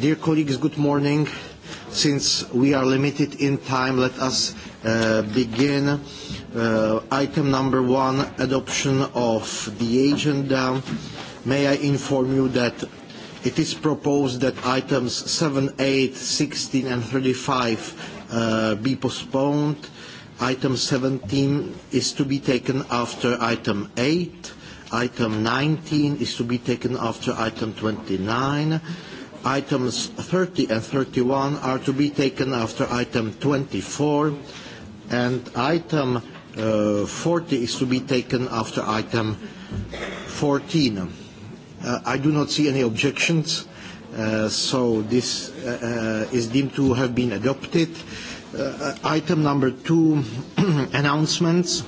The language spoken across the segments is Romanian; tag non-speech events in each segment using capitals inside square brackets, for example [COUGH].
Dear colleagues, good morning. Since we are limited in time, let us uh, begin. Uh, item number one, adoption of the agenda. May I inform you that it is proposed that items 7, 8, 16 and 35 uh, be postponed. Item 17 is to be taken after item 8 Item 19 is to be taken after item 29. Items 30 and 31 are to be taken after item 24. And item uh, 40 is to be taken after item 14. Uh, I do not see any objections, uh, so this uh, uh is deemed to have been adopted. Uh, item number two, [CLEARS THROAT] announcements.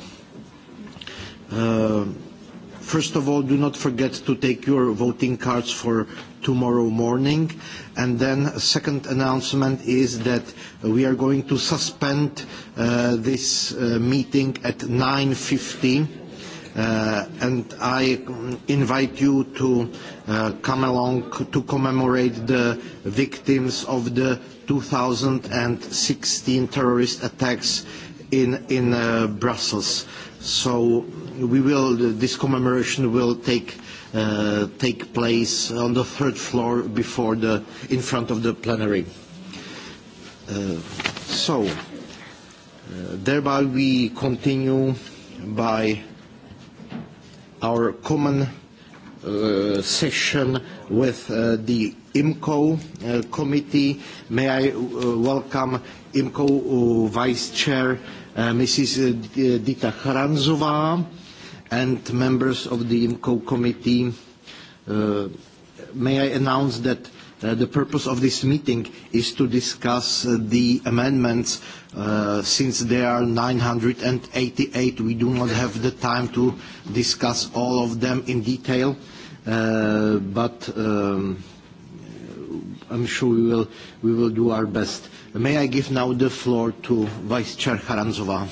Uh, First of all, do not forget to take your voting cards for tomorrow morning. And then a second announcement is that we are going to suspend uh, this uh, meeting at 9.15. Uh, and I mm, invite you to uh, come along to commemorate the victims of the 2016 terrorist attacks in, in uh, Brussels. So we will, this commemoration will take, uh, take place on the third floor before the, in front of the plenary. Uh, so, uh, thereby we continue by our common uh, session with uh, the IMCO committee. May I welcome IMCO Vice Chair uh, Mrs. Uh, uh, Dita Charanzová and members of the IMCO committee. may I announce that Uh, the purpose of this meeting is to discuss uh, the amendments. Uh, since there are 988, we do not have the time to discuss all of them in detail, but um, I'm sure we will, we will do our best. May I give now the floor to Vice Chair Haranzova?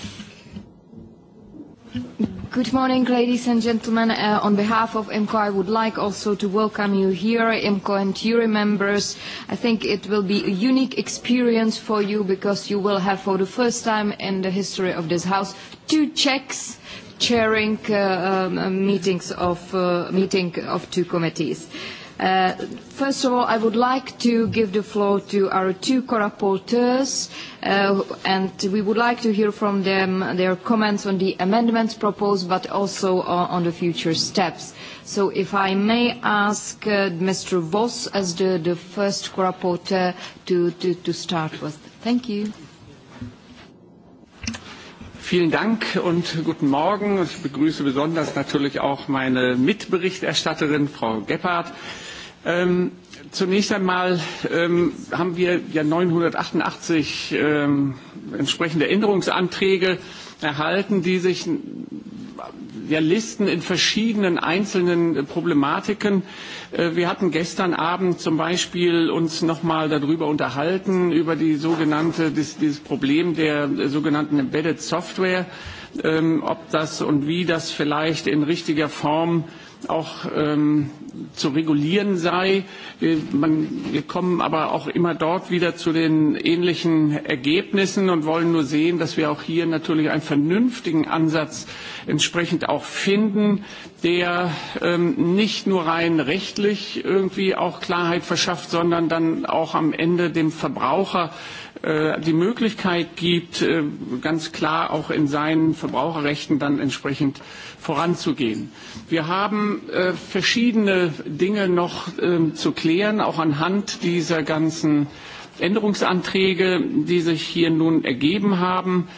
Good morning, ladies and gentlemen. Uh, on behalf of IMCO, I would like also to welcome you here, IMCO and jury members. I think it will be a unique experience for you because you will have, for the first time in the history of this House, two Czechs chairing uh, um, meetings of, uh, meeting of two committees. Uh, Uh, first of all, I would like to give the floor to our two co-rapporteurs, uh, and we would like to hear from them their comments on the amendments proposed, but also on, on the future steps. So if I may ask uh, Mr. Voss as the, the first co-rapporteur to, to, to start with. Thank you. Vielen Dank und guten Morgen. Ich begrüße besonders natürlich auch meine Mitberichterstatterin, Frau Gebhardt. Ähm, zunächst einmal ähm, haben wir ja 988 ähm, entsprechende Änderungsanträge erhalten, die sich wir listen in verschiedenen einzelnen äh, Problematiken. Äh, wir hatten gestern Abend zum Beispiel uns nochmal darüber unterhalten, über die sogenannte, dieses Problem der äh, sogenannten Embedded Software, ähm, ob das und wie das vielleicht in richtiger Form äh, auch ähm, zu regulieren sei. Wir, äh, man, wir kommen aber auch immer dort wieder zu den ähnlichen Ergebnissen und wollen nur sehen, dass wir auch hier natürlich einen vernünftigen Ansatz entsprechend auch finden, der ähm, nicht nur rein rechtlich irgendwie auch Klarheit verschafft, sondern dann auch am Ende dem Verbraucher äh, Äh, die Möglichkeit gibt, äh, ganz klar auch in seinen Verbraucherrechten dann entsprechend voranzugehen. Wir haben äh, verschiedene Dinge noch ähm, zu klären, auch anhand dieser ganzen Änderungsanträge, die sich hier nun ergeben haben.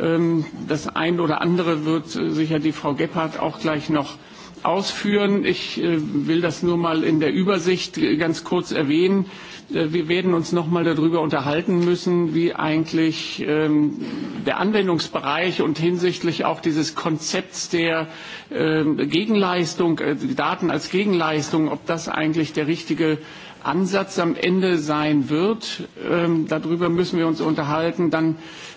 Ähm, das eine oder andere wird sicher die Frau Gebhardt auch gleich noch ausführen. Ich will das nur mal in der Übersicht ganz kurz erwähnen. Wir werden uns noch mal darüber unterhalten müssen, wie eigentlich ähm, der Anwendungsbereich und hinsichtlich auch dieses Konzepts der ähm, Gegenleistung, äh, Daten als Gegenleistung, ob das eigentlich der richtige Ansatz am Ende sein wird. Ähm, darüber müssen wir uns unterhalten. Dann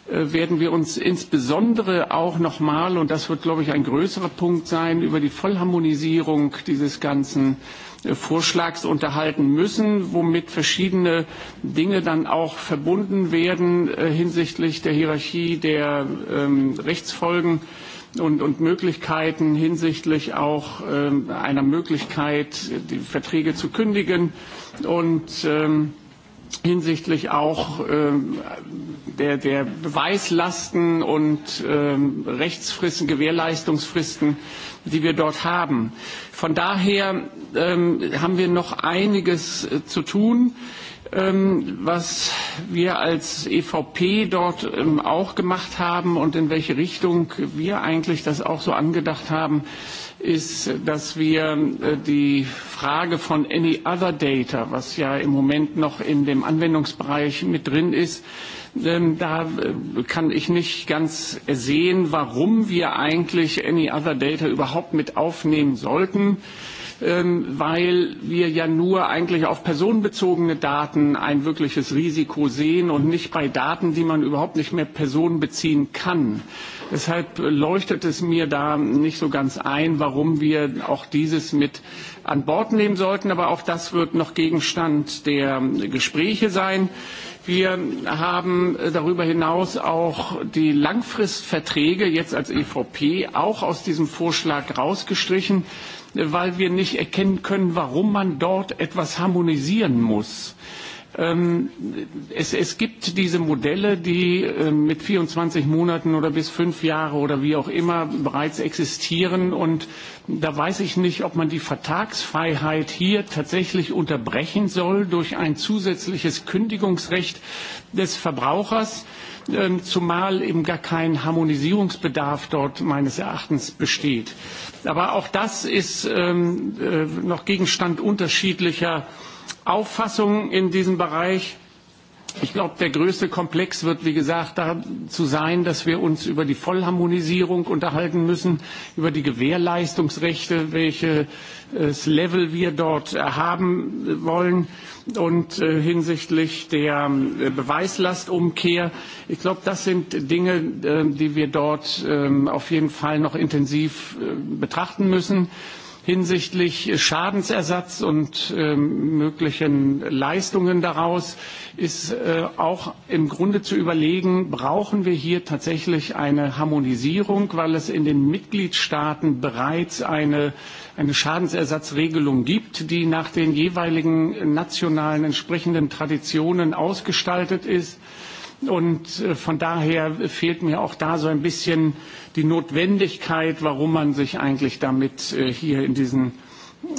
äh, werden wir uns insbesondere auch noch mal, und das wird, glaube ich, ein größerer Punkt sein, über die Vollharmonisierung dieses ganzen äh, Vorschlags unterhalten müssen, womit verschiedene Dinge dann auch verbunden werden äh, hinsichtlich der Hierarchie der ähm, Rechtsfolgen und, und Möglichkeiten hinsichtlich auch ähm, einer Möglichkeit, die Verträge zu kündigen und ähm, hinsichtlich auch ähm, der, der Beweislasten und ähm, Rechtsfristen, Gewährleistungsfristen, die wir dort haben. Von daher ähm, haben wir noch einiges äh, zu tun. Ähm, was wir als EVP dort ähm, auch gemacht haben und in welche Richtung wir eigentlich das auch so angedacht haben, äh, ist, dass wir äh, die Frage von Any Other Data, was ja im Moment noch in dem Anwendungsbereich mit drin ist, ähm, da äh, kann ich nicht ganz sehen, warum wir eigentlich Any Other Data überhaupt mit aufnehmen sollten ähm, weil wir ja nur eigentlich auf personenbezogene Daten ein wirkliches Risiko sehen und nicht bei Daten, die man überhaupt nicht mehr personenbeziehen kann. Deshalb leuchtet es mir da nicht so ganz ein, warum wir auch dieses mit an Bord nehmen sollten. Aber auch das wird noch Gegenstand der Gespräche sein. Wir haben darüber hinaus auch die Langfristverträge jetzt als EVP auch aus diesem Vorschlag rausgestrichen, weil wir nicht erkennen können, warum man dort etwas harmonisieren muss. Ähm, es, es gibt diese Modelle, die ähm, mit 24 Monaten oder bis fünf Jahre oder wie auch immer bereits existieren. Und da weiß ich nicht, ob man die Vertragsfreiheit hier tatsächlich unterbrechen soll durch ein zusätzliches Kündigungsrecht des Verbrauchers ähm, zumal eben gar kein Harmonisierungsbedarf dort meines Erachtens besteht. Aber auch das ist äh, noch Gegenstand unterschiedlicher Auffassungen in diesem Bereich. Ich glaube, der größte Komplex wird, wie gesagt, dazu sein, dass wir uns über die Vollharmonisierung unterhalten müssen, über die Gewährleistungsrechte, welches äh, Level wir dort äh, haben wollen und äh, hinsichtlich der Beweislastumkehr. Ich glaube, das sind Dinge, die wir dort ähm, auf jeden Fall noch intensiv betrachten müssen. Hinsichtlich Schadensersatz und ähm, möglichen Leistungen daraus ist äh, auch im Grunde zu überlegen, brauchen wir hier tatsächlich eine Harmonisierung, weil es in den Mitgliedstaaten bereits eine, eine Schadensersatzregelung gibt, die nach den jeweiligen nationalen entsprechenden Traditionen ausgestaltet ist. Und äh, von daher fehlt mir auch da so ein bisschen die Notwendigkeit, warum man sich eigentlich damit äh, hier in diesen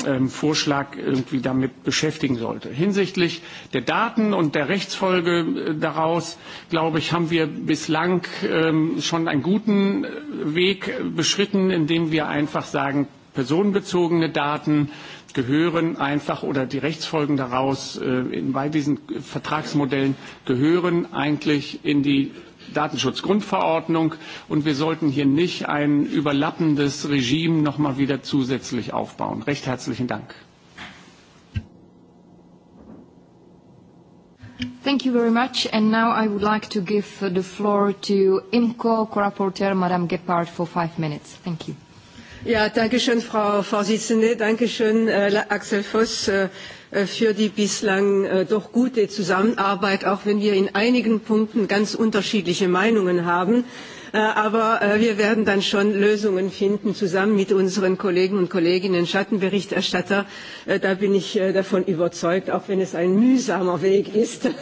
ähm, Vorschlag irgendwie damit beschäftigen sollte. Hinsichtlich der Daten und der Rechtsfolge äh, daraus, glaube ich, haben wir bislang ähm, schon einen guten Weg beschritten, indem wir einfach sagen, personenbezogene Daten gehören einfach oder die Rechtsfolgen daraus äh, in, bei diesen Vertragsmodellen gehören eigentlich in die Datenschutzgrundverordnung und wir sollten hier nicht ein überlappendes Regime noch mal wieder zusätzlich aufbauen. Recht herzlichen Dank. Thank you very much. And now I would like to give the floor to IMCO co-rapporteur, Madame Gephardt, for five minutes. Thank you. Ja, danke schön, Frau Vorsitzende. Danke schön, äh, Axel Voss, äh, äh, für die bislang äh, doch gute Zusammenarbeit, auch wenn wir in einigen Punkten ganz unterschiedliche Meinungen haben. Äh, aber äh, wir werden dann schon Lösungen finden, zusammen mit unseren Kollegen und Kolleginnen Schattenberichterstatter. Äh, da bin ich davon überzeugt, auch wenn es ein mühsamer Weg ist. [LAUGHS]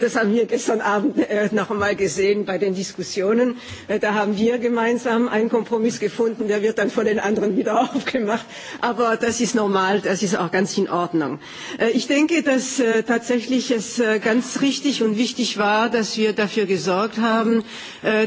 Das haben wir gestern Abend noch einmal gesehen bei den Diskussionen. Da haben wir gemeinsam einen Kompromiss gefunden, der wird dann von den anderen wieder [LAUGHS] aufgemacht. Aber das ist normal, das ist auch ganz in Ordnung. Ich denke, dass tatsächlich es ganz richtig und wichtig war, dass wir dafür gesorgt haben,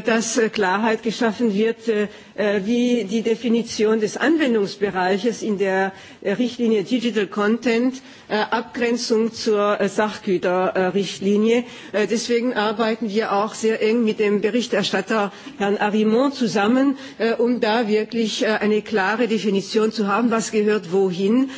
dass Klarheit geschaffen wird, äh, äh, wie die Definition des Anwendungsbereiches in der äh, Richtlinie Digital Content Abgrenzung zur Sachgüterrichtlinie. Deswegen arbeiten wir auch sehr eng mit dem Berichterstatter Herrn Arimont zusammen, um da wirklich eine klare Definition zu haben, was gehört wohin.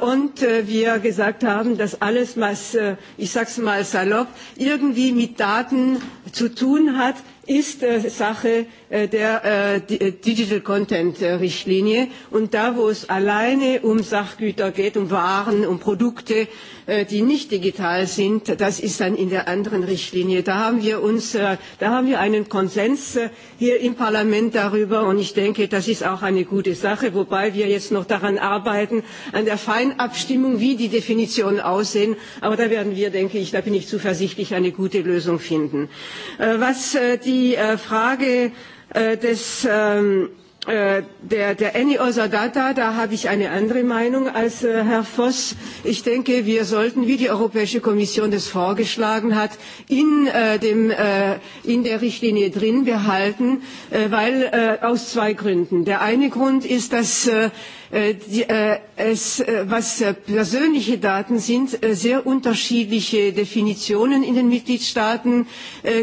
Und wir gesagt haben, dass alles, was, ich sage es mal salopp, irgendwie mit Daten zu tun hat, ist äh, Sache äh, der äh, äh Digital Content äh, Richtlinie. Und da, wo es alleine um Sachgüter geht, um Waren, um Produkte, äh, Äh, die nicht digital sind. Das ist dann in der anderen Richtlinie. Da haben wir uns, äh, da haben wir einen Konsens äh, hier im Parlament darüber und ich denke, das ist auch eine gute Sache, wobei wir jetzt noch daran arbeiten, an der Feinabstimmung, wie die Definitionen aussehen. Aber da werden wir, denke ich, da bin ich zuversichtlich, eine gute Lösung finden. Was die Frage des ähm, Äh, der, der Any Other Data, da habe ich eine andere Meinung als äh, Herr Voss. Ich denke, wir sollten, wie die Europäische Kommission das vorgeschlagen hat, in, äh, dem, äh, in der Richtlinie drin behalten, äh, weil äh, aus zwei Gründen. Der eine Grund ist, dass äh, Äh, äh, äh, was persönliche Daten sind, sehr unterschiedliche Definitionen in den Mitgliedstaaten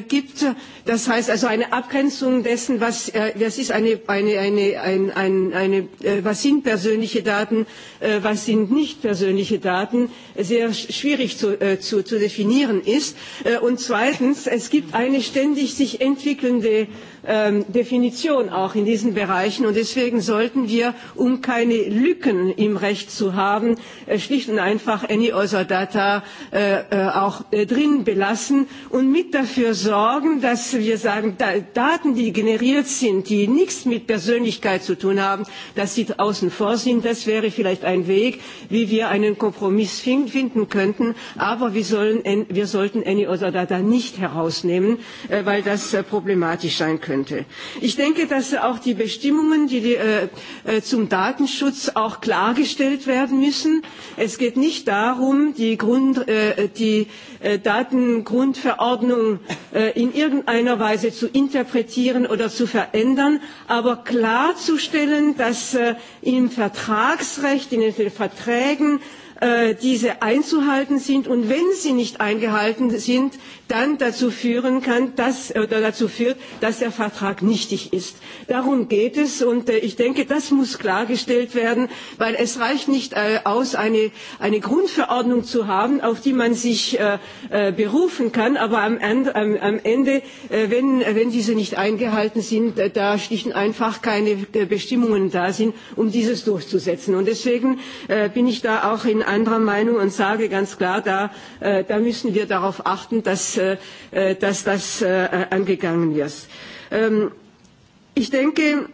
gibt. Das heißt also eine Abgrenzung dessen, was, was, ist eine, eine, eine, ein, ein, eine, was sind persönliche Daten, was sind nicht persönliche Daten, sehr schwierig zu, zu, zu definieren ist. Und zweitens, es gibt eine ständig sich entwickelnde Ähm, Definition auch in diesen Bereichen. Und deswegen sollten wir, um keine Lücken im Recht zu haben, äh, schlicht und einfach any other data äh, äh, auch drin belassen und mit dafür sorgen, dass wir sagen, da, Daten, die generiert sind, die nichts mit Persönlichkeit zu tun haben, dass sie außen vor sind. Das wäre vielleicht ein Weg, wie wir einen Kompromiss finden könnten. Aber wir, sollen, wir sollten any other data nicht herausnehmen, weil das problematisch sein könnte könnte. Ich denke, dass auch die Bestimmungen die, die, äh, äh, zum Datenschutz auch klargestellt werden müssen. Es geht nicht darum, die, Grund, äh, die äh, Datengrundverordnung äh, in irgendeiner Weise zu interpretieren oder zu verändern, aber klarzustellen, dass äh, im Vertragsrecht, in den Verträgen äh, diese einzuhalten sind und wenn sie nicht eingehalten sind, dann dazu führen kann, dass, oder dazu führt, dass der Vertrag nichtig ist. Darum geht es und äh, ich denke, das muss klargestellt werden, weil es reicht nicht äh, aus, eine, eine Grundverordnung zu haben, auf die man sich äh, berufen kann, aber am Ende, am, am Ende wenn, wenn diese nicht eingehalten sind, da schlicht und einfach keine Bestimmungen da sind, um dieses durchzusetzen. Und deswegen bin ich da auch in anderer Meinung und sage ganz klar, da, da müssen wir darauf achten, dass Äh, äh, dass das äh, angegangen wird. Ähm, ich denke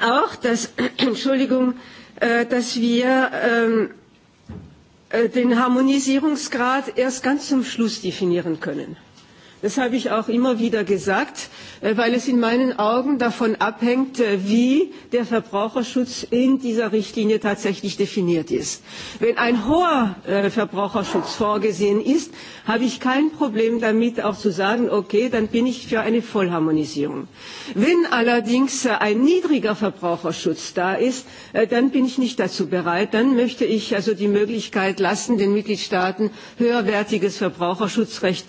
auch, dass, [CLEARS THROAT] Entschuldigung, dass wir ähm, den Harmonisierungsgrad erst ganz zum Schluss definieren können. Das habe ich auch immer wieder gesagt, äh, weil es in meinen Augen davon abhängt, äh, wie der Verbraucherschutz in dieser Richtlinie tatsächlich definiert ist. Wenn ein hoher äh, Verbraucherschutz vorgesehen ist, habe ich kein Problem damit, auch zu sagen, okay, dann bin ich für eine Vollharmonisierung. Wenn allerdings ein niedriger Verbraucherschutz da ist, dann bin ich nicht dazu bereit. Dann möchte ich also die Möglichkeit lassen, den Mitgliedstaaten höherwertiges Verbraucherschutzrecht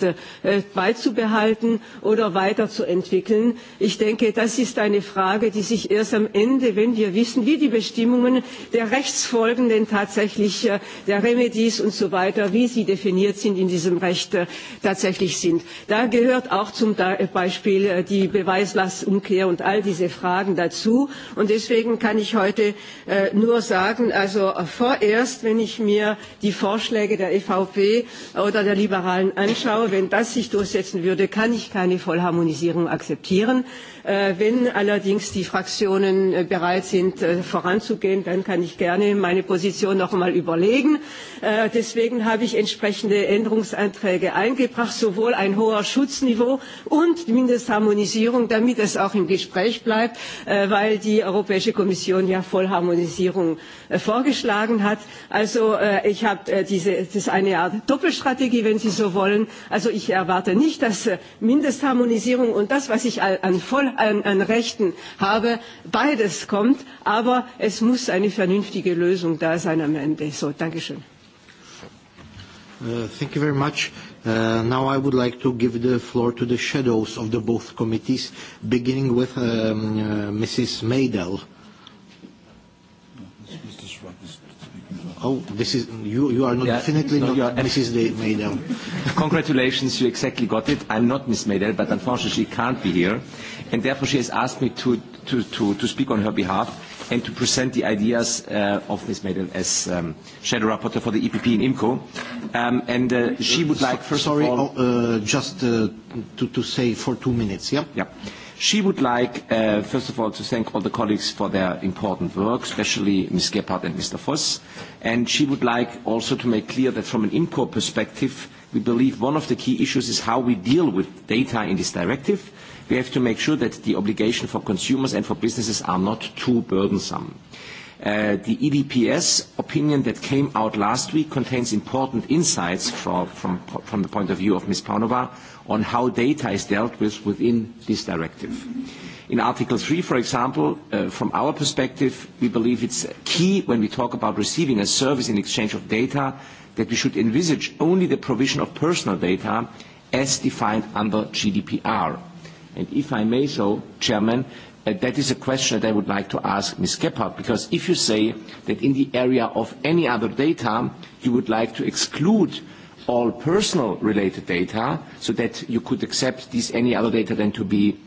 beizutragen beizubehalten oder weiterzuentwickeln. Ich denke, das ist eine Frage, die sich erst am Ende, wenn wir wissen, wie die Bestimmungen der Rechtsfolgen denn tatsächlich, äh, der Remedies und so weiter, wie sie definiert sind in diesem Recht, äh, tatsächlich sind. Da gehört auch zum da-, äh, Beispiel die Beweislastumkehr und all diese Fragen dazu. Und deswegen kann ich heute nur sagen, also vorerst, wenn ich mir die Vorschläge der EVP oder der Liberalen anschaue, wenn das sich durchsetzt, durchsetzen würde, kann ich keine Vollharmonisierung akzeptieren. Äh, wenn allerdings die Fraktionen äh, bereit sind, äh, voranzugehen, dann kann ich gerne meine Position noch einmal überlegen. Deswegen habe ich entsprechende Änderungsanträge eingebracht, sowohl ein hoher Schutzniveau und Mindestharmonisierung, damit es auch im Gespräch bleibt, weil die Europäische Kommission ja Vollharmonisierung vorgeschlagen hat. Also ich habe diese, das ist eine Art Doppelstrategie, wenn Sie so wollen. Also ich erwarte nicht, nicht, dass äh, Mindestharmonisierung und das, was ich an, voll, an, an Rechten habe, beides kommt. Aber es muss eine vernünftige Lösung da sein am Ende. So, Dankeschön. Uh, thank you very much. Uh, now I would like to give the floor to the shadows of the both committees, beginning with um, uh, Mrs. Maydell. Oh, this is you. You are not yeah, definitely no, not you Mrs. De Maydell. Congratulations, you exactly got it. I'm not Miss Maydell, but unfortunately she can't be here, and therefore she has asked me to to to, to speak on her behalf and to present the ideas uh, of Ms. Maydell as um, shadow rapporteur for the EPP in IMCO. Um, and uh, she would like, first Sorry, of all... Sorry, oh, uh, just uh, to, to say for two minutes, yeah? Yeah. She would like, uh, first of all, to thank all the colleagues for their important work, especially Ms. Gebhardt and Mr. Voss. And she would like also to make clear that from an IMCO perspective, we believe one of the key issues is how we deal with data in this directive. We have to make sure that the obligation for consumers and for businesses are not too burdensome. Uh, the EDPS opinion that came out last week contains important insights for, from, from, the point of view of Ms. Paunova on how data is dealt with within this directive. In Article 3, for example, uh, from our perspective, we believe it's key when we talk about receiving a service in exchange of data that we should envisage only the provision of personal data as defined under GDPR. And if I may so, Chairman, And uh, that is a question that I would like to ask Ms. Gebhardt, because if you say that in the area of any other data, you would like to exclude all personal related data so that you could accept these any other data than to be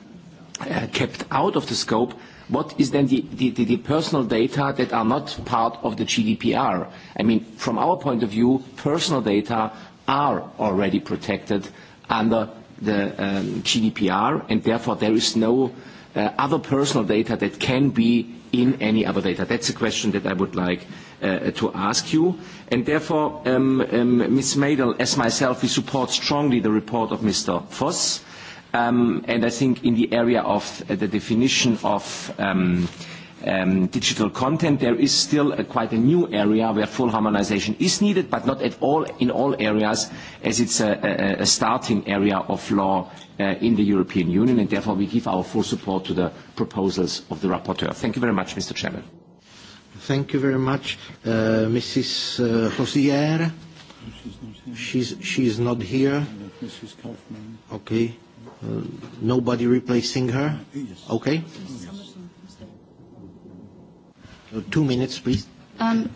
uh, kept out of the scope, what is then the, the, the, personal data that are not part of the GDPR? I mean, from our point of view, personal data are already protected under the um, GDPR, and therefore there is no uh, other personal data that can be in any other data? That's a question that I would like uh, to ask you. And therefore, um, um, Ms. Madel, as myself, we support strongly the report of Mr. Voss. Um, and I think in the area of uh, the definition of um, um, digital content, there is still a, quite a new area where full harmonization is needed, but not at all in all areas, as it's a, a, a starting area of law uh, in the European Union, and therefore we give our full support to the proposals of the rapporteur. Thank you very much, Mr. Chairman. Thank you very much, uh, Mrs. Uh, Rosier. She's she's not here. Mrs. Kaufman. Okay. Uh, nobody replacing her. Okay. Two minutes, please. Um,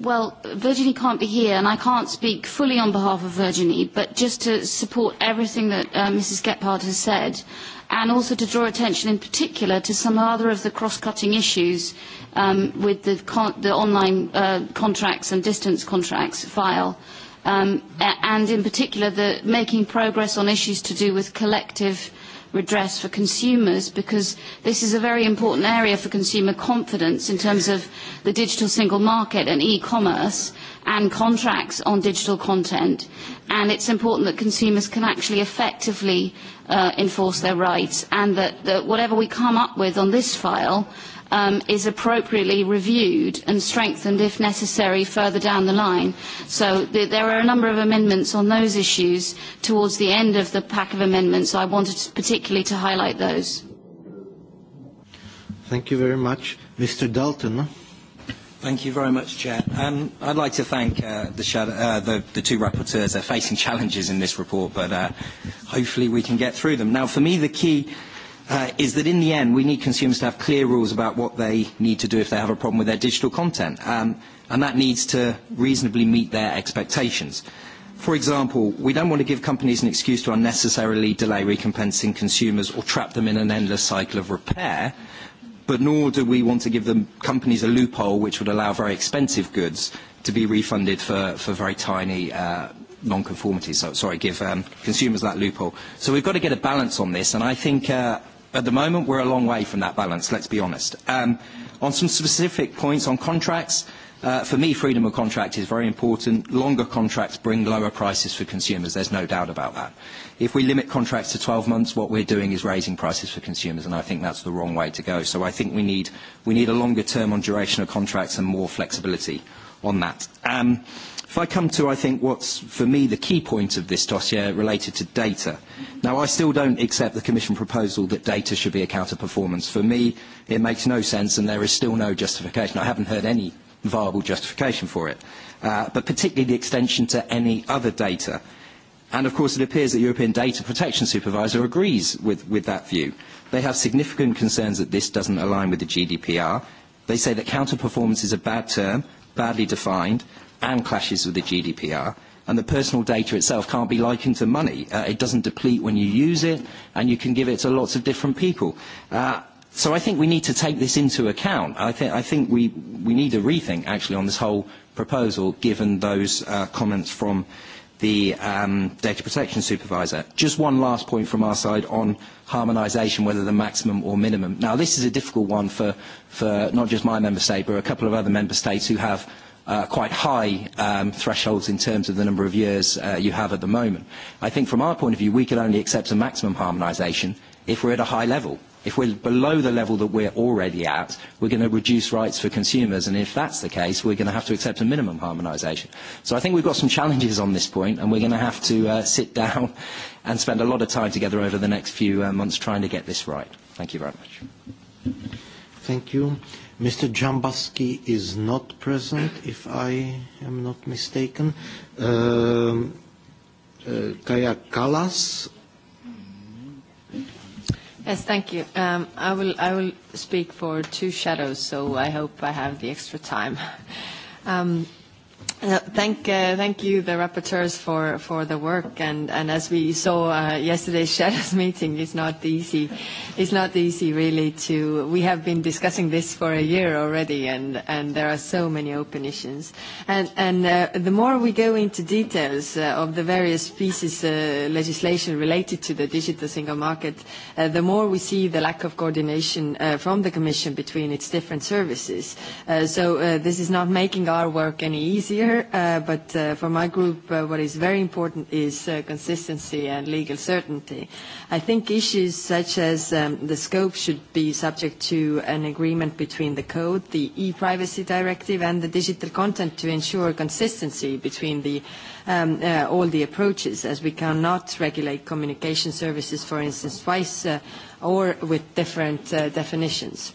well, Virginie can't be here, and I can't speak fully on behalf of Virginie, but just to support everything that uh, Mrs. Gephardt has said, and also to draw attention in particular to some other of the cross-cutting issues um, with the, con the online uh, contracts and distance contracts file, um, and in particular the making progress on issues to do with collective redress for consumers because this is a very important area for consumer confidence in terms of the digital single market and e-commerce and contracts on digital content. And it's important that consumers can actually effectively uh, enforce their rights and that, that whatever we come up with on this file um, is appropriately reviewed and strengthened if necessary further down the line. So th there are a number of amendments on those issues towards the end of the pack of amendments. I wanted to particularly to highlight those. Thank you very much. Mr. Dalton. Thank you very much, Chair. Um, I'd like to thank uh, the, shadow, uh, the, the two rapporteurs. They're facing challenges in this report, but uh, hopefully we can get through them. Now, for me, the key uh, is that in the end we need consumers to have clear rules about what they need to do if they have a problem with their digital content. Um, and that needs to reasonably meet their expectations. For example, we don't want to give companies an excuse to unnecessarily delay recompensing consumers or trap them in an endless cycle of repair, but nor do we want to give the companies a loophole which would allow very expensive goods to be refunded for, for very tiny uh, non-conformities. So, sorry, give um, consumers that loophole. So we've got to get a balance on this, and I think uh, At the moment, we're a long way from that balance, let's be honest. Um, on some specific points on contracts, uh, for me, freedom of contract is very important. Longer contracts bring lower prices for consumers. There's no doubt about that. If we limit contracts to 12 months, what we're doing is raising prices for consumers, and I think that's the wrong way to go. So I think we need, we need a longer term on duration of contracts and more flexibility on that. Um, If I come to, I think, what's for me the key point of this dossier related to data. Now, I still don't accept the Commission proposal that data should be a counter-performance. For me, it makes no sense and there is still no justification. I haven't heard any viable justification for it, uh, but particularly the extension to any other data. And of course, it appears that the European Data Protection Supervisor agrees with, with that view. They have significant concerns that this doesn't align with the GDPR. They say that counter-performance is a bad term, badly defined, and clashes with the GDPR. And the personal data itself can't be likened to money. Uh, it doesn't deplete when you use it, and you can give it to lots of different people. Uh, so I think we need to take this into account. I, th- I think we, we need a rethink, actually, on this whole proposal, given those uh, comments from the um, data protection supervisor. Just one last point from our side on harmonisation, whether the maximum or minimum. Now, this is a difficult one for, for not just my member state, but a couple of other member states who have uh, quite high um, thresholds in terms of the number of years uh, you have at the moment. I think from our point of view, we can only accept a maximum harmonisation if we're at a high level. If we're below the level that we're already at, we're going to reduce rights for consumers, and if that's the case, we're going to have to accept a minimum harmonisation. So I think we've got some challenges on this point, and we're going to have to uh, sit [LAUGHS] down and spend a lot of time together over the next few uh, months trying to get this right. Thank you very much. Thank you. Mr. Jambaski is not present, if I am not mistaken. Uh, uh, Kaya Kalas. Yes, thank you. Um, I, will, I will speak for two shadows, so I hope I have the extra time. Um, Uh, thank, uh, thank you, the rapporteurs, for, for the work. And, and as we saw uh, yesterday's [LAUGHS] shadows meeting, it's not easy. It's not easy, really, to. We have been discussing this for a year already, and, and there are so many open issues. And, and uh, the more we go into details uh, of the various pieces uh, legislation related to the digital single market, uh, the more we see the lack of coordination uh, from the Commission between its different services. Uh, so uh, this is not making our work any easier here, uh, but uh, for my group, uh, what is very important is consistency and legal certainty. I think issues such as um, the scope should be subject to an agreement between the code, the e-privacy directive, and the digital content to ensure consistency between um, all the approaches, as we cannot regulate communication services, for instance, twice or with different definitions.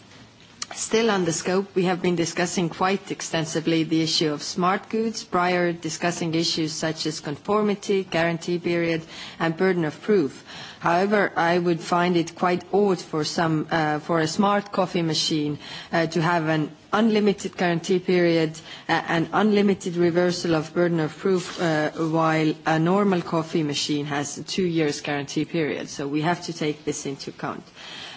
Still on the scope, we have been discussing quite extensively the issue of smart goods prior discussing issues such as conformity, guarantee period, and burden of proof. However, I would find it quite odd for, some, uh, for a smart coffee machine uh, to have an unlimited guarantee period uh, and unlimited reversal of burden of proof uh, while a normal coffee machine has a two years guarantee period. So we have to take this into account. Uh,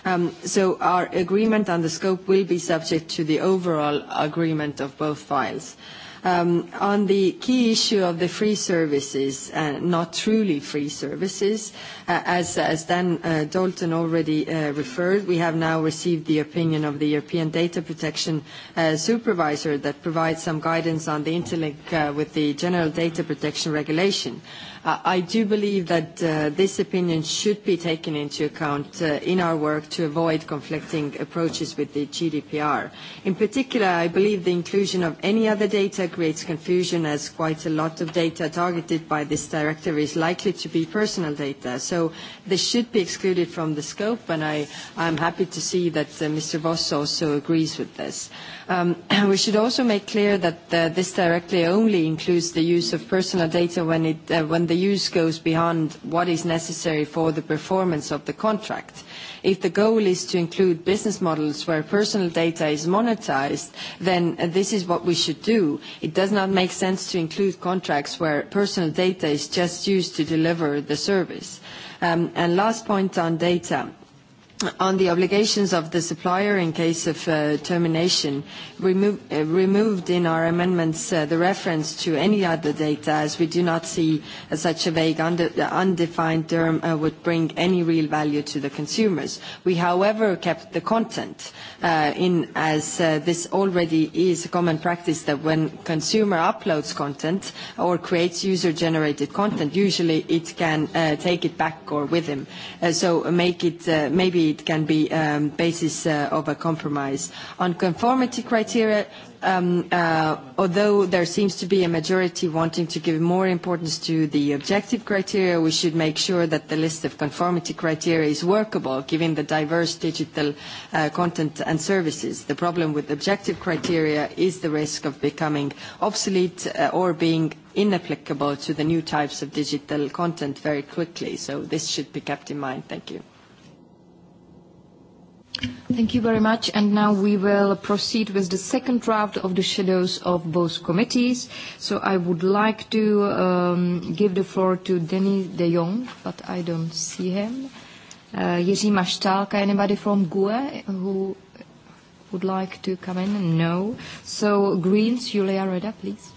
Um, so our agreement on the scope will be subject to the overall agreement of both files. Um, on the key issue of the free services, uh, not truly free services, uh, as, Dan uh, Dalton already referred, we have now received the opinion of the European Data Protection Supervisor that provides some guidance on the interlink with the General Data Protection Regulation. I do believe that uh, this opinion should be taken into account uh, in our work to avoid conflicting approaches with the GDPR. In particular, I believe the inclusion of any other data creates confusion as quite a lot of data targeted by this directive is likely to be personal data. So this should be excluded from the scope, and I, I'm happy to see that uh, Mr. Voss also agrees with this. Um, [CLEARS THROAT] we should also make clear that uh, this directly only includes the use of personal data when, it, uh, when the use goes beyond what is necessary for the performance of the contract. If the goal is to include business models where personal data is monetized, then uh, this is what we should do. It does not make sense to include contracts where personal data is just used to deliver the service. Um, and last point on data on the obligations of the supplier in case of uh, termination, remo uh, removed in our amendments uh, the reference to any other data, as we do not see uh, such a vague uh, undefined term uh, would bring any real value to the consumers. We, however, kept the content in, as this already is a common practice that when consumer uploads content or creates user-generated content, usually it can take it back or with him. so make it maybe indeed it can be um, basis uh, of a compromise. On conformity criteria, um, uh, although there seems to be a majority wanting to give more importance to the objective criteria, we should make sure that the list of conformity criteria is workable, given the diverse digital uh, content and services. The problem with objective criteria is the risk of becoming obsolete uh, or being inapplicable to the new types of digital content very quickly. So this should be kept in mind. Thank you. Thank you very much. And now we will proceed with the second draft of the shadows of both committees. So I would like to um, give the floor to Denis de Jong, but I don't see him. Uh, Jiří Maštálka, anybody from GUE who would like to come in? No. So Greens, Julia Reda, please.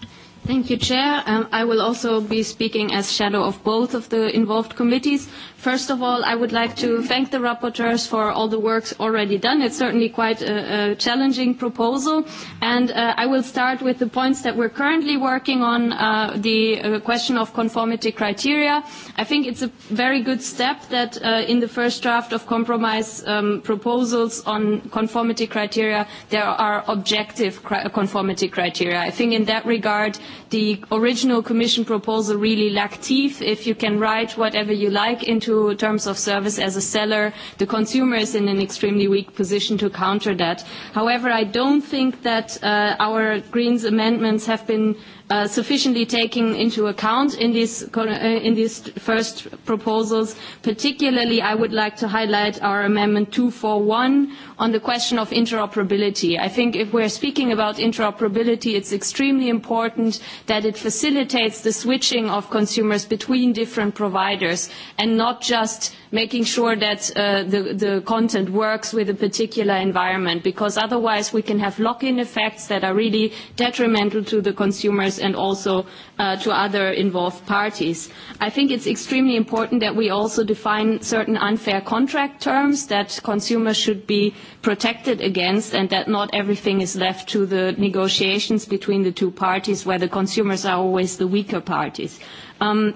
Thank you, Chair. Um, I will also be speaking as shadow of both of the involved committees. First of all, I would like to thank the rapporteurs for all the work already done. It's certainly quite a, a challenging proposal. And uh, I will start with the points that we're currently working on, uh, the uh, question of conformity criteria. I think it's a very good step that uh, in the first draft of compromise um, proposals on conformity criteria, there are objective cri conformity criteria. I think in that regard, the original Commission proposal really lacked teeth. If you can write whatever you like into terms of service as a seller, the consumer is in an extremely weak position to counter that. However, I don't think that uh, our Greens amendments have been Uh, sufficiently taken into account in these, uh, in these first proposals. Particularly, I would like to highlight our Amendment 241 on the question of interoperability. I think if we're speaking about interoperability, it's extremely important that it facilitates the switching of consumers between different providers and not just making sure that uh, the, the content works with a particular environment, because otherwise we can have lock-in effects that are really detrimental to the consumers and also uh, to other involved parties. I think it's extremely important that we also define certain unfair contract terms that consumers should be protected against and that not everything is left to the negotiations between the two parties where the consumers are always the weaker parties. Um,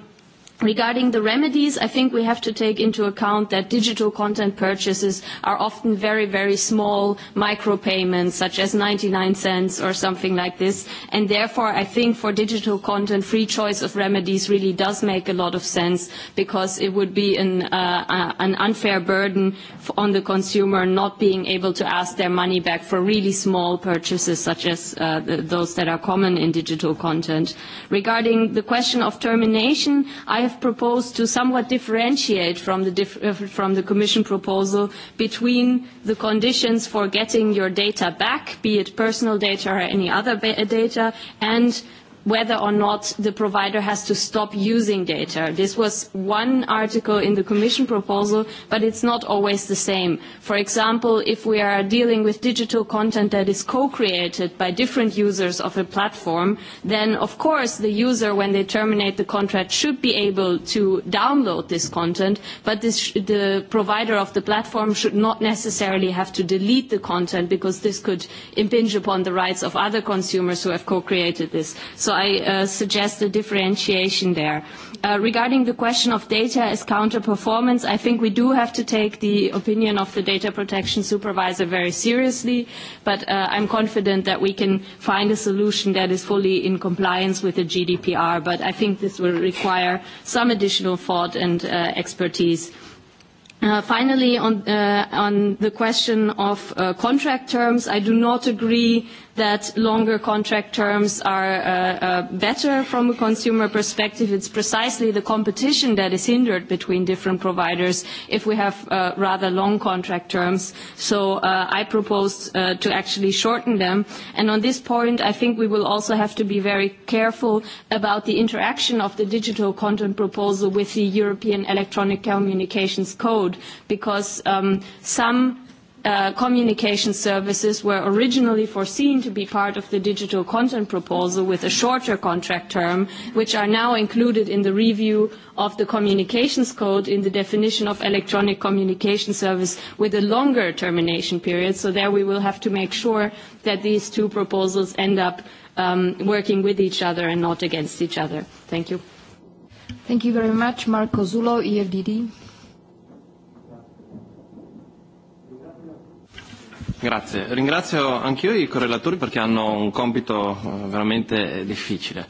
Regarding the remedies, I think we have to take into account that digital content purchases are often very, very small micropayments, such as 99 cents or something like this. And therefore, I think for digital content, free choice of remedies really does make a lot of sense because it would be an, uh, uh an unfair burden on the consumer not being able to ask their money back for really small purchases, such as uh, those that are common in digital content. Regarding the question of termination, I have proposed to somewhat differentiate from the, dif uh, from the Commission proposal between the conditions for getting your data back, be it personal data or any other data, and whether or not the provider has to stop using data. This was one article in the Commission proposal, but it's not always the same. For example, if we are dealing with digital content that is co-created by different users of a platform, then of course the user, when they terminate the contract, should be able to download this content, but this, the provider of the platform should not necessarily have to delete the content because this could impinge upon the rights of other consumers who have co-created this. So I uh, suggest a differentiation there. Uh, regarding the question of data as counter-performance, I think we do have to take the opinion of the data protection supervisor very seriously, but uh, I'm confident that we can find a solution that is fully in compliance with the GDPR, but I think this will require some additional thought and uh, expertise. Uh, finally, on, uh, on the question of uh, contract terms, I do not agree that longer contract terms are uh, uh, better from a consumer perspective. It's precisely the competition that is hindered between different providers if we have uh, rather long contract terms. So uh, I proposed uh, to actually shorten them. And on this point, I think we will also have to be very careful about the interaction of the digital content proposal with the European Electronic Communications Code, because um, some Uh, communication services were originally foreseen to be part of the digital content proposal with a shorter contract term, which are now included in the review of the communications code in the definition of electronic communication service with a longer termination period. So there we will have to make sure that these two proposals end up um, working with each other and not against each other. Thank you. Thank you very much. Marco Zulo, EFDD. Grazie. Ringrazio anch'io i correlatori perché hanno un compito eh, veramente difficile.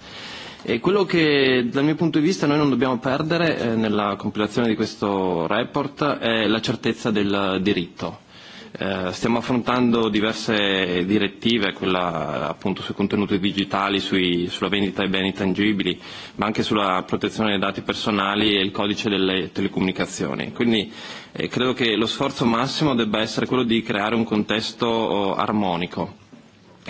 E quello che dal mio punto di vista noi non dobbiamo perdere eh, nella compilazione di questo report è la certezza del diritto Eh, stiamo affrontando diverse direttive, quella appunto sui contenuti digitali, sui, sulla vendita dei beni tangibili, ma anche sulla protezione dei dati personali e il codice delle telecomunicazioni. Quindi eh, credo che lo sforzo massimo debba essere quello di creare un contesto oh, armonico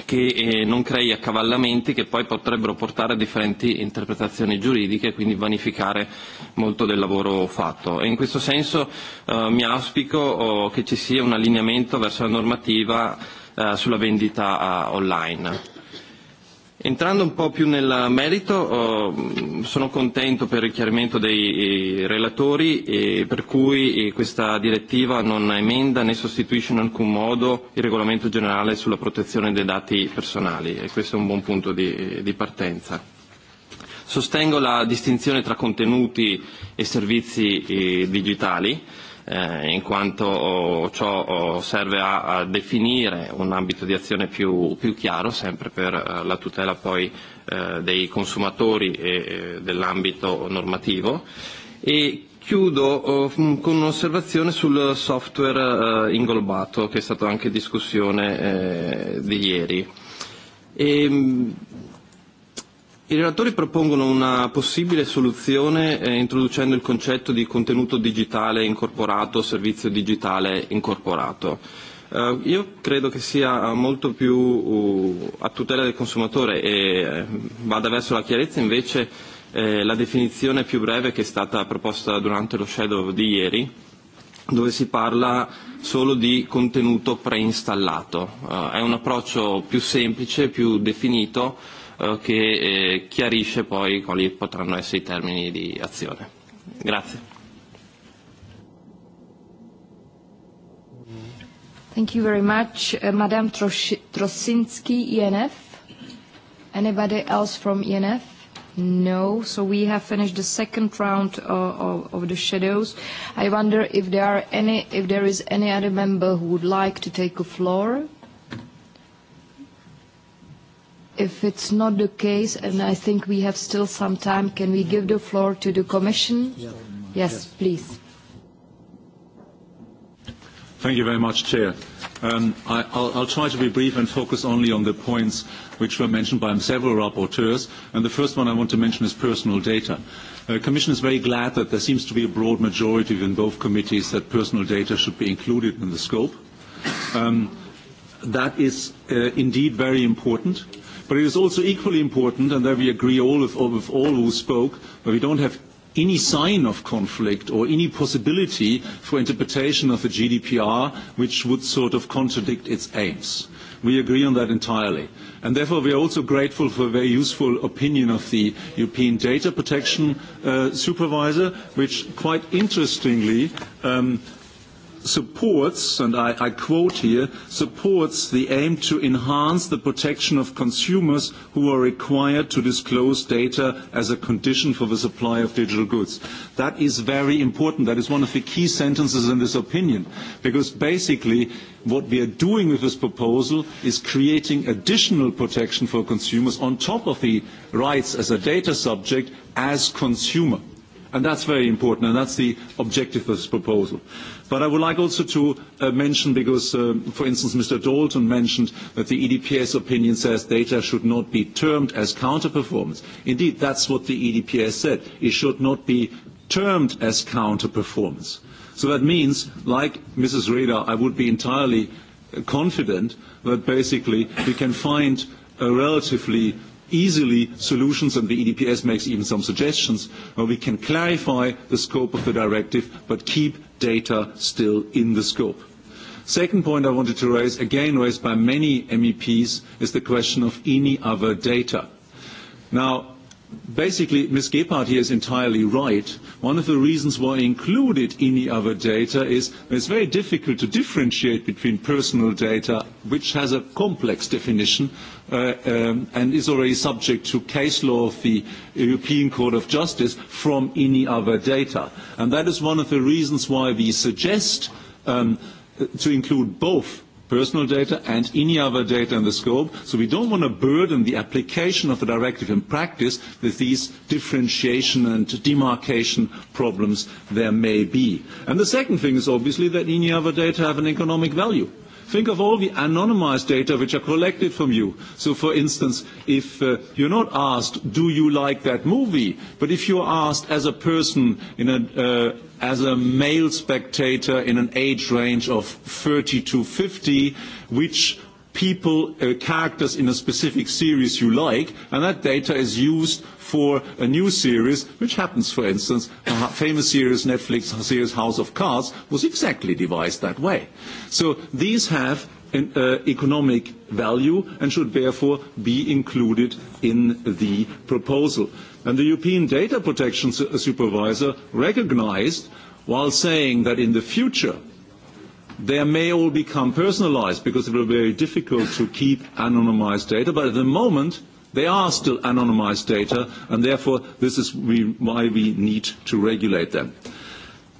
che eh, non crei accavallamenti che poi potrebbero portare a differenti interpretazioni giuridiche e quindi vanificare molto del lavoro fatto. E in questo senso eh, mi auspico oh, che ci sia un allineamento verso la normativa eh, sulla vendita eh, online Entrando un po' più nel merito, eh, sono contento per il chiarimento dei eh, relatori, e per cui eh, questa direttiva non emenda né sostituisce in alcun modo il regolamento generale sulla protezione dei dati personali e questo è un buon punto di, di partenza. Sostengo la distinzione tra contenuti e servizi digitali eh, in quanto oh, ciò oh, serve a, a definire un ambito di azione più, più chiaro, sempre per eh, la tutela poi eh, dei consumatori e dell'ambito normativo. E Chiudo eh, con un'osservazione sul software eh, inglobato, che è stato anche discussione eh, di ieri. E, ehm, I relatori propongono una possibile soluzione eh, introducendo il concetto di contenuto digitale incorporato servizio digitale incorporato. Uh, io credo che sia molto più uh, a tutela del consumatore e eh, vada verso la chiarezza invece eh, la definizione più breve che è stata proposta durante lo shadow di ieri, dove si parla solo di contenuto preinstallato. Uh, è un approccio più semplice, più definito Eh, che eh, chiarisce poi quali potranno essere i termini di azione. Grazie. Thank you very much. Uh, Madame Trosinski, ENF. Anybody else from ENF? No. So we have finished the second round of, of, of the shadows. I wonder if there, are any, if there is any other member who would like to take the floor. If it's not the case, and I think we have still some time, can we give the floor to the Commission? Yes, yes, please. Thank you very much, Chair. Um, I, I'll, I'll try to be brief and focus only on the points which were mentioned by several rapporteurs. And the first one I want to mention is personal data. The uh, Commission is very glad that there seems to be a broad majority within both committees that personal data should be included in the scope. Um, that is uh, indeed very important. But it is also equally important, and there we agree all with, with all who spoke, that we don't have any sign of conflict or any possibility for interpretation of the GDPR which would sort of contradict its aims. We agree on that entirely. And therefore, we are also grateful for a very useful opinion of the European Data Protection uh, Supervisor, which quite interestingly um, supports, and I, I quote here, supports the aim to enhance the protection of consumers who are required to disclose data as a condition for the supply of digital goods. That is very important. That is one of the key sentences in this opinion, because basically what we are doing with this proposal is creating additional protection for consumers on top of the rights as a data subject as consumer. And that's very important, and that's the objective of this proposal. But I would like also to uh, mention, because, um, for instance, Mr. Dalton mentioned that the EDPS opinion says data should not be termed as counterperformance. Indeed, that's what the EDPS said. It should not be termed as counterperformance. So that means, like Mrs. Reda, I would be entirely uh, confident that basically we can find a relatively easily solutions, and the EDPS makes even some suggestions, where we can clarify the scope of the directive but keep data still in the scope. Second point I wanted to raise, again raised by many MEPs, is the question of any other data. Now, basically, Ms. Gebhardt here is entirely right. One of the reasons why I included any other data is that it's very difficult to differentiate between personal data, which has a complex definition uh, um, and is already subject to case law of the European Court of Justice, from any other data. And that is one of the reasons why we suggest um, to include both personal data and any other data in the scope. So we don't want to burden the application of the directive in practice with these differentiation and demarcation problems there may be. And the second thing is obviously that any other data have an economic value. Think of all the anonymized data which are collected from you. So for instance, if uh, you're not asked, do you like that movie? But if you're asked as a person, in a, uh, as a male spectator in an age range of 30 to 50, which people, uh, characters in a specific series you like, and that data is used for a new series, which happens, for instance, the famous series Netflix series House of Cards was exactly devised that way. So these have an uh, economic value and should therefore be included in the proposal. And the European Data Protection uh, Supervisor recognized, while saying that in the future, they may all become personalized because it will be very difficult to keep anonymized data, but at the moment, They are still anonymized data, and therefore this is we, why we need to regulate them.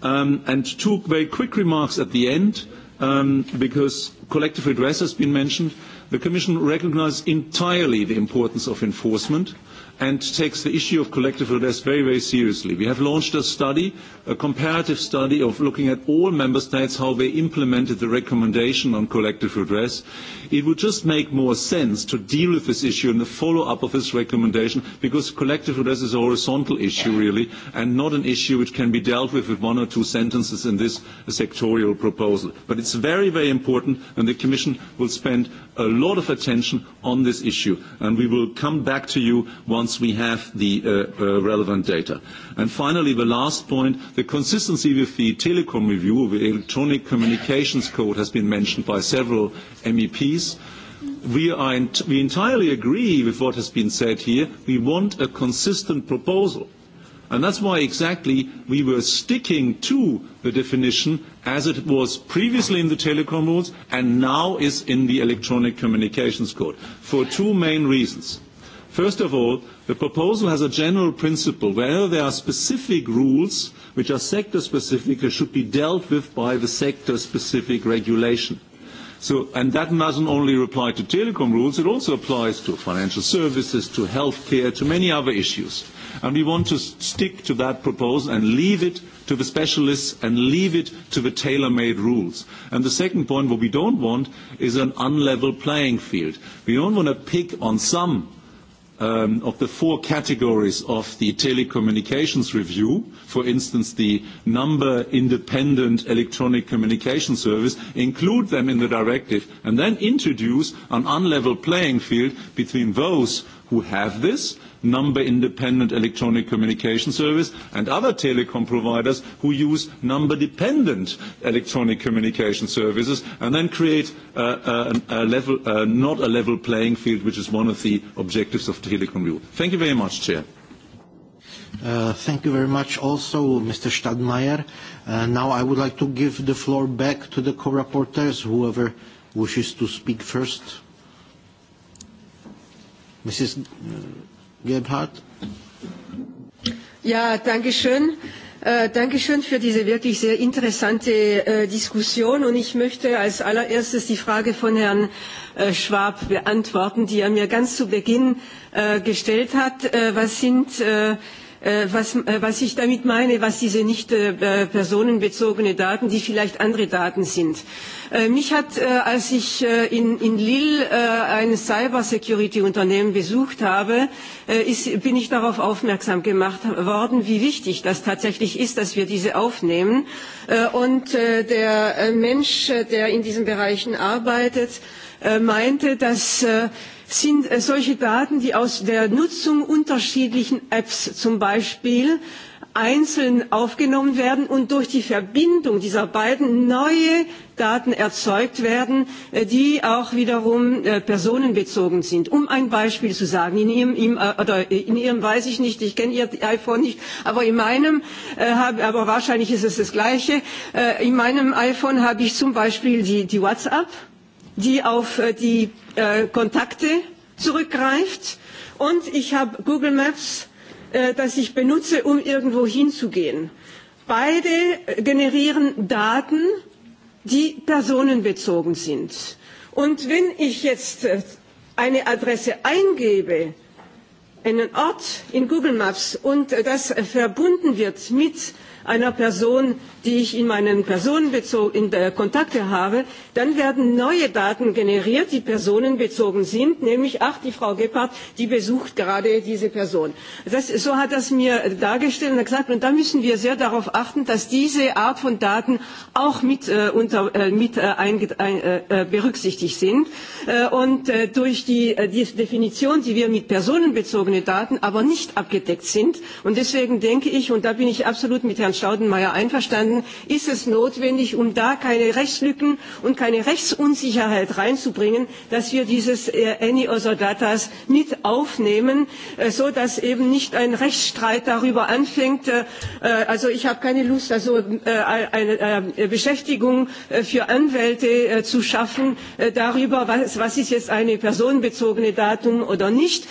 Um, and two very quick remarks at the end, um, because collective redress has been mentioned. The Commission recognises entirely the importance of enforcement and takes the issue of collective redress very, very seriously. We have launched a study, a comparative study of looking at all member states, how they implemented the recommendation on collective redress. It would just make more sense to deal with this issue in the follow-up of this recommendation because collective redress is a horizontal issue, really, and not an issue which can be dealt with with one or two sentences in this sectorial proposal. But it's very, very important, and the Commission will spend a lot of attention on this issue, and we will come back to you once we have the uh, uh, relevant data. And finally, the last point, the consistency with the telecom review, of the electronic communications code has been mentioned by several MEPs. We, are we entirely agree with what has been said here. We want a consistent proposal And that's why exactly we were sticking to the definition as it was previously in the telecom rules and now is in the electronic communications code for two main reasons. First of all, the proposal has a general principle. Wherever there are specific rules which are sector specific, they should be dealt with by the sector specific regulation. So, and that doesn't only apply to telecom rules, it also applies to financial services, to healthcare, to many other issues. And we want to stick to that proposal and leave it to the specialists and leave it to the tailor-made rules. And the second point, what we don't want is an unlevel playing field. We don't want to pick on some Um, of the four categories of the telecommunications review, for instance, the number independent electronic communication service, include them in the directive and then introduce an unlevel playing field between those who have this, number independent electronic communication service, and other telecom providers who use number dependent electronic communication services, and then create a, a, a level, uh, not a level playing field, which is one of the objectives of Telecom rule. Thank you very much, Chair. Uh, thank you very much also, Mr. Stadmeier. Uh, now I would like to give the floor back to the co-rapporteurs, whoever wishes to speak first. Mrs. Uh, Gebhardt. Ja, danke schön. Äh, danke schön für diese wirklich sehr interessante äh, Diskussion. Und ich möchte als allererstes die Frage von Herrn äh, Schwab beantworten, die er mir ganz zu Beginn äh, gestellt hat. Äh, was sind äh, Äh, was, äh, was ich damit meine, was diese nicht äh, personenbezogene Daten, die vielleicht andere Daten sind. Äh, mich hat, äh, als ich äh, in, in Lille ein Cybersecurity-Unternehmen besucht habe, ist, bin ich darauf aufmerksam gemacht worden, wie wichtig das tatsächlich ist, dass wir diese aufnehmen. Und der Mensch, der in diesen Bereichen arbeitet, meinte, dass sind äh, solche Daten, die aus der Nutzung unterschiedlichen Apps zum Beispiel einzeln aufgenommen werden und durch die Verbindung dieser beiden neue Daten erzeugt werden, äh, die auch wiederum äh, personenbezogen sind. Um ein Beispiel zu sagen, in Ihrem, im, oder in Ihrem weiß ich nicht, ich kenne Ihr iPhone nicht, aber in meinem, aber wahrscheinlich ist es das Gleiche, in meinem iPhone habe ich zum Beispiel die, die WhatsApp, die auf äh, die äh, Kontakte zurückgreift. Und ich habe Google Maps, äh, das ich benutze, um irgendwo hinzugehen. Beide generieren Daten, die personenbezogen sind. Und wenn ich jetzt eine Adresse eingebe, einen Ort in Google Maps und das verbunden wird mit einer Person, die ich in meinen personenbezogenen äh, Kontakte habe, dann werden neue Daten generiert, die personenbezogen sind, nämlich, ach, die Frau Gebhardt, die besucht gerade diese Person. Das, so hat das mir dargestellt und gesagt, und da müssen wir sehr darauf achten, dass diese Art von Daten auch mit, äh, unter, äh, mit äh, ein, äh, äh, berücksichtigt sind. Äh, und äh, durch die, äh, die Definition, die wir mit personenbezogenen Daten aber nicht abgedeckt sind. Und deswegen denke ich, und da bin ich absolut mit Herrn Staudenmayer einverstanden, ist es notwendig, um da keine Rechtslücken und keine Rechtsunsicherheit reinzubringen, dass wir dieses Any äh, Other Datas mit aufnehmen, äh, so dass eben nicht ein Rechtsstreit darüber anfängt. Äh, also ich habe keine Lust, also eine Beschäftigung für Anwälte zu schaffen darüber, was, was ist jetzt eine personenbezogene Datum oder nicht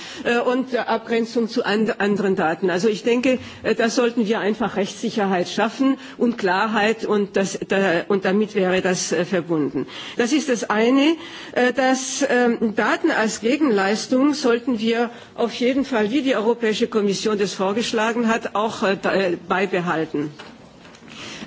und Abgrenzung zu anderen Daten. Also ich denke, das sollten wir einfach Rechtssicherheit Klarheit schaffen und Klarheit und, das, da, und damit wäre das äh, verbunden. Das ist das eine. Äh, das äh, Daten als Gegenleistung sollten wir auf jeden Fall, wie die Europäische Kommission das vorgeschlagen hat, auch äh, da, äh beibehalten.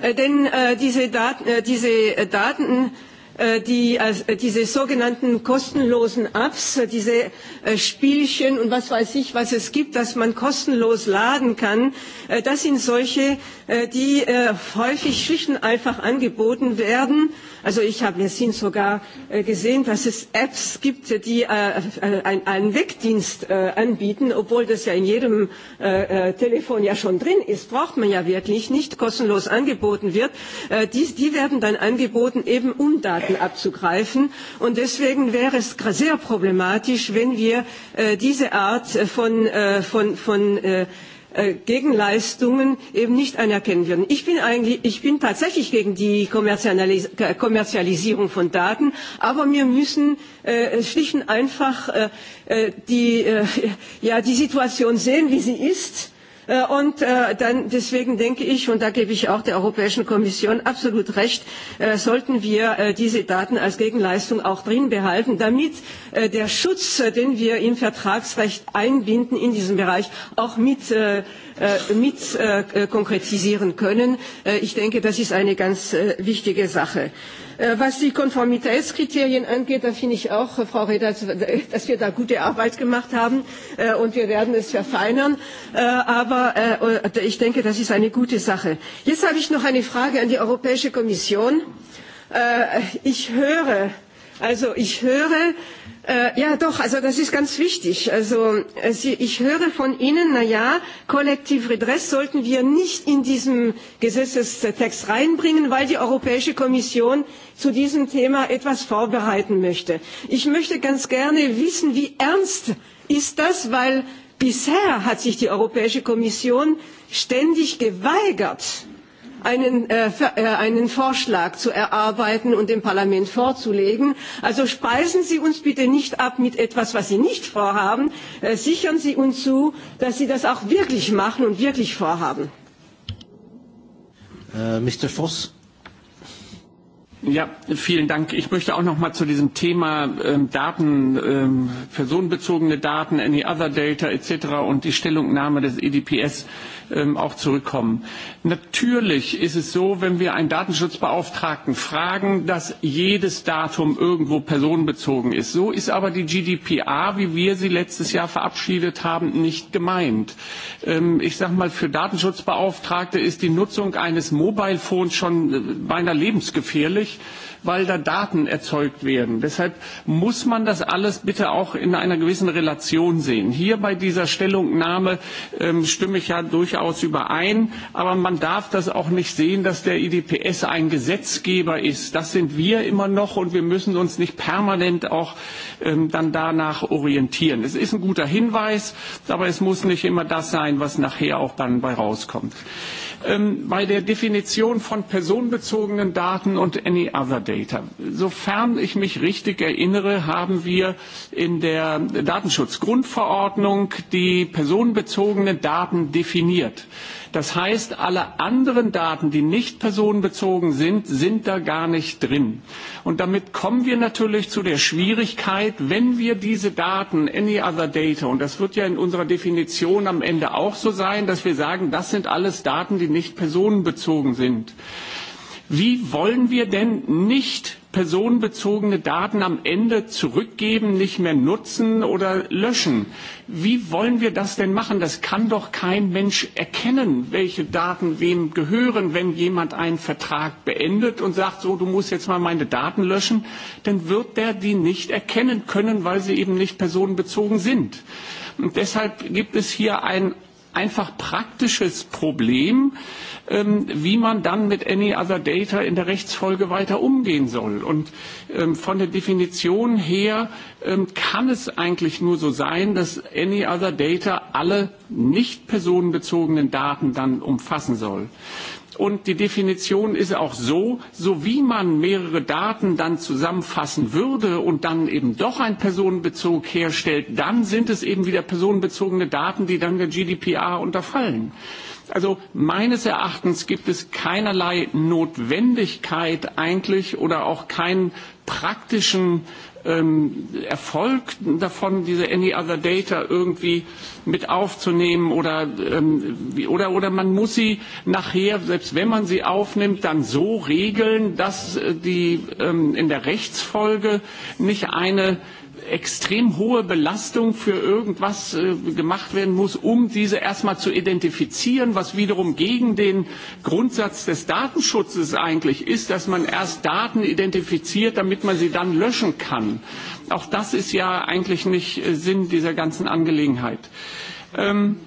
Äh, denn äh, diese Daten, äh, diese äh, Daten Äh, die, äh, diese sogenannten kostenlosen Apps, äh, diese Spielchen und was weiß ich, was es gibt, dass man kostenlos laden kann, das sind solche, die häufig schlicht und einfach angeboten werden, Also ich habe mir sind sogar äh, gesehen, dass es Apps gibt, die äh, äh, einen Wegdienst anbieten, obwohl das ja in jedem Telefon ja schon drin ist, braucht man ja wirklich nicht, kostenlos angeboten wird. die, werden dann angeboten, eben um Daten abzugreifen. Und deswegen wäre es sehr problematisch, wenn wir diese Art von, von, von Äh, Gegenleistungen eben nicht anerkennen würden. Ich bin, eigentlich, ich bin tatsächlich gegen die äh, Kommerzialisierung von Daten, aber wir müssen äh, schlicht und einfach äh, äh die, äh, [LAUGHS] ja, die Situation sehen, wie sie ist Äh, und äh, dann, deswegen denke ich, und da gebe ich auch der Europäischen Kommission absolut recht, äh, sollten wir diese Daten als Gegenleistung auch drin behalten, damit der Schutz, den wir im Vertragsrecht einbinden in diesem Bereich, auch mit, mit konkretisieren können. Ich denke, das ist eine ganz wichtige Sache. Äh, was die Konformitätskriterien angeht, da finde ich auch, äh, Frau Reda, dass wir da gute Arbeit gemacht haben äh, und wir werden es verfeinern. Aber ich denke, das ist eine gute Sache. Jetzt habe ich noch eine Frage an die Europäische Kommission. Ich höre Also ich höre, äh, ja doch, also das ist ganz wichtig. Also äh, Sie, ich höre von Ihnen, na ja, Kollektivredress sollten wir nicht in diesen Gesetzestext reinbringen, weil die Europäische Kommission zu diesem Thema etwas vorbereiten möchte. Ich möchte ganz gerne wissen, wie ernst ist das, weil bisher hat sich die Europäische Kommission ständig geweigert, einen, äh, äh, einen Vorschlag zu erarbeiten und dem Parlament vorzulegen. Also speisen Sie uns bitte nicht ab mit etwas, was Sie nicht vorhaben. Äh, sichern Sie uns zu, dass Sie das auch wirklich machen und wirklich vorhaben. Uh, äh, Mr. Voss. Ja, vielen Dank. Ich möchte auch noch mal zu diesem Thema ähm, Daten, ähm, personenbezogene Daten, any other data etc. und die Stellungnahme des EDPS äh, ähm, auch zurückkommen. Natürlich ist es so, wenn wir einen Datenschutzbeauftragten fragen, dass jedes Datum irgendwo personenbezogen ist. So ist aber die GDPR, wie wir sie letztes Jahr verabschiedet haben, nicht gemeint. Ähm, ich sage mal, für Datenschutzbeauftragte ist die Nutzung eines Mobilphones schon äh, beinahe lebensgefährlich weil da Daten erzeugt werden. Deshalb muss man das alles bitte auch in einer gewissen Relation sehen. Hier bei dieser Stellungnahme ähm, stimme ich ja durchaus durchaus überein. Aber man darf das auch nicht sehen, dass der IDPS ein Gesetzgeber ist. Das sind wir immer noch und wir müssen uns nicht permanent auch ähm, dann danach orientieren. Es ist ein guter Hinweis, aber es muss nicht immer das sein, was nachher auch dann bei rauskommt. Ähm, bei der Definition von personenbezogenen Daten und any other data. Sofern ich mich richtig erinnere, haben wir in der Datenschutzgrundverordnung die personenbezogenen Daten definiert. Das heißt, alle anderen Daten, die nicht personenbezogen sind, sind da gar nicht drin. Und damit kommen wir natürlich zu der Schwierigkeit, wenn wir diese Daten, any other data, und das wird ja in unserer Definition am Ende auch so sein, dass wir sagen, das sind alles Daten, die nicht personenbezogen sind. Wie wollen wir denn nicht personenbezogene Daten am Ende zurückgeben, nicht mehr nutzen oder löschen? Wie wollen wir das denn machen? Das kann doch kein Mensch erkennen, welche Daten wem gehören, wenn jemand einen Vertrag beendet und sagt, so, du musst jetzt mal meine Daten löschen, dann wird der die nicht erkennen können, weil sie eben nicht personenbezogen sind. Und deshalb gibt es hier ein einfach praktisches Problem, ähm, wie man dann mit any other data in der Rechtsfolge weiter umgehen soll. Und ähm, von der Definition her ähm, kann es eigentlich nur so sein, dass any other data alle nicht personenbezogenen Daten dann umfassen soll und die Definition ist auch so, so wie man mehrere Daten dann zusammenfassen würde und dann eben doch einen Personenbezug herstellt, dann sind es eben wieder personenbezogene Daten, die dann der GDPR unterfallen. Also meines Erachtens gibt es keinerlei Notwendigkeit eigentlich oder auch keinen praktischen äh, ähm, Erfolg davon, diese Any Other Data irgendwie mit aufzunehmen oder, ähm, oder, oder man muss sie nachher, selbst wenn man sie aufnimmt, dann so regeln, dass äh, die ähm, in der Rechtsfolge nicht eine extrem hohe Belastung für irgendwas äh, gemacht werden muss, um diese erstmal zu identifizieren, was wiederum gegen den Grundsatz des Datenschutzes eigentlich ist, dass man erst Daten identifiziert, damit man sie dann löschen kann. Auch das ist ja eigentlich nicht äh, Sinn dieser ganzen Angelegenheit. Ähm,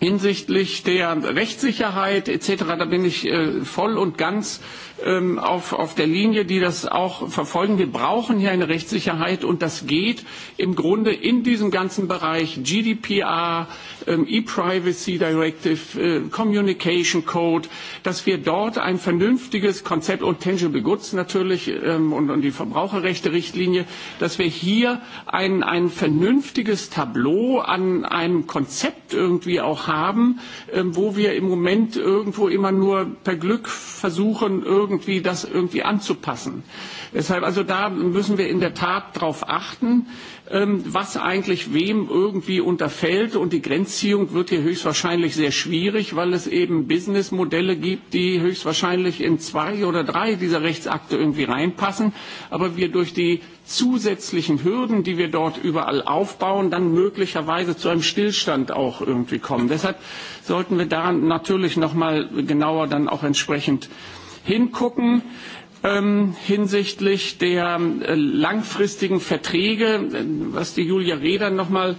hinsichtlich der Rechtssicherheit etc., da bin ich äh, voll und ganz Ähm, auf, auf der Linie, die das auch verfolgen. Wir brauchen hier eine Rechtssicherheit und das geht im Grunde in diesem ganzen Bereich GDPR, ähm, E-Privacy Directive, äh, Communication Code, dass wir dort ein vernünftiges Konzept und Tangible Goods natürlich ähm, und, und die Verbraucherrechte-Richtlinie, dass wir hier ein, ein vernünftiges Tableau an einem Konzept irgendwie auch haben, wo wir im Moment irgendwo immer nur per Glück versuchen, irgendwie irgendwie das irgendwie anzupassen. Deshalb also da müssen wir in der Tat darauf achten, ähm, was eigentlich wem irgendwie unterfällt. Und die Grenzziehung wird hier höchstwahrscheinlich sehr schwierig, weil es eben Businessmodelle gibt, die höchstwahrscheinlich in zwei oder drei dieser Rechtsakte irgendwie reinpassen. Aber wir durch die zusätzlichen Hürden, die wir dort überall aufbauen, dann möglicherweise zu einem Stillstand auch irgendwie kommen. Deshalb sollten wir da natürlich noch mal genauer dann auch entsprechend äh, hingucken ähm, hinsichtlich der äh, langfristigen Verträge, äh, was die Julia Reda mal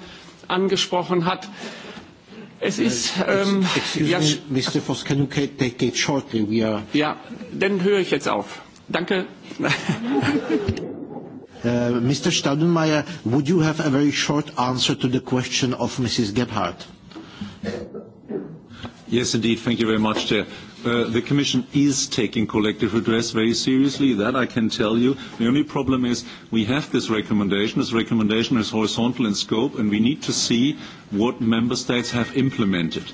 angesprochen hat. Es äh, ist. Ähm, ja, Mr. Voss, can you take it shortly? We are. Ja, dann höre ich jetzt auf. Danke. uh, [LAUGHS] Mr. Staudenmayer, would you have a very short answer to the question of Mrs. Gebhardt? Yes, indeed. Thank you very much, Chair. Uh, the Commission is taking collective redress very seriously, that I can tell you. The only problem is we have this recommendation. This recommendation is horizontal in scope, and we need to see what member states have implemented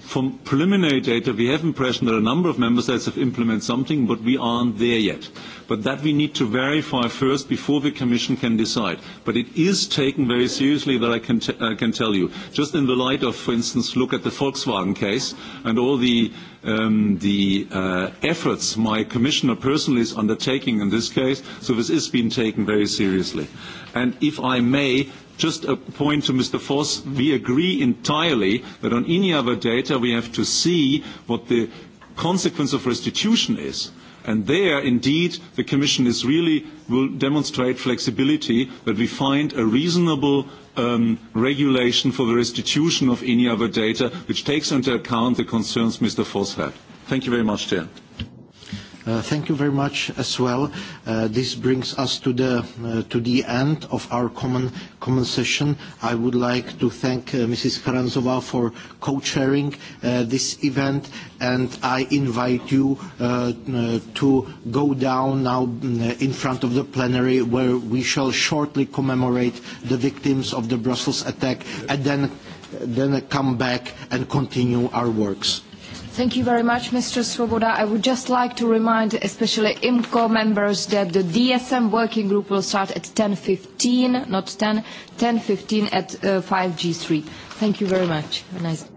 from preliminary data we have impression that a number of member states have implemented something, but we aren't there yet. But that we need to verify first before the Commission can decide. But it is taken very seriously, that I can, t- I can tell you. Just in the light of, for instance, look at the Volkswagen case and all the, um, the uh, efforts my Commissioner personally is undertaking in this case. So this is being taken very seriously. And if I may, Just a point to Mr. Voss. We agree entirely that on any other data, we have to see what the consequence of restitution is. And there, indeed, the Commission is really will demonstrate flexibility that we find a reasonable um, regulation for the restitution of any other data, which takes into account the concerns Mr. Voss had. Thank you very much, Chair. Uh, thank you very much as well. Uh, this brings us to the, uh, to the end of our common, common session. I would like to thank uh, Mrs. Karanzova for co-chairing uh, this event, and I invite you to go down now in front of the plenary, where we shall shortly commemorate the victims of the Brussels attack, and then, then come back and continue our works. Thank you very much, Mr. Swoboda. I would just like to remind especially IMCO members that the DSM working group will start at 10.15, not 10, 10.15 at uh, 5G3. Thank you very much. nice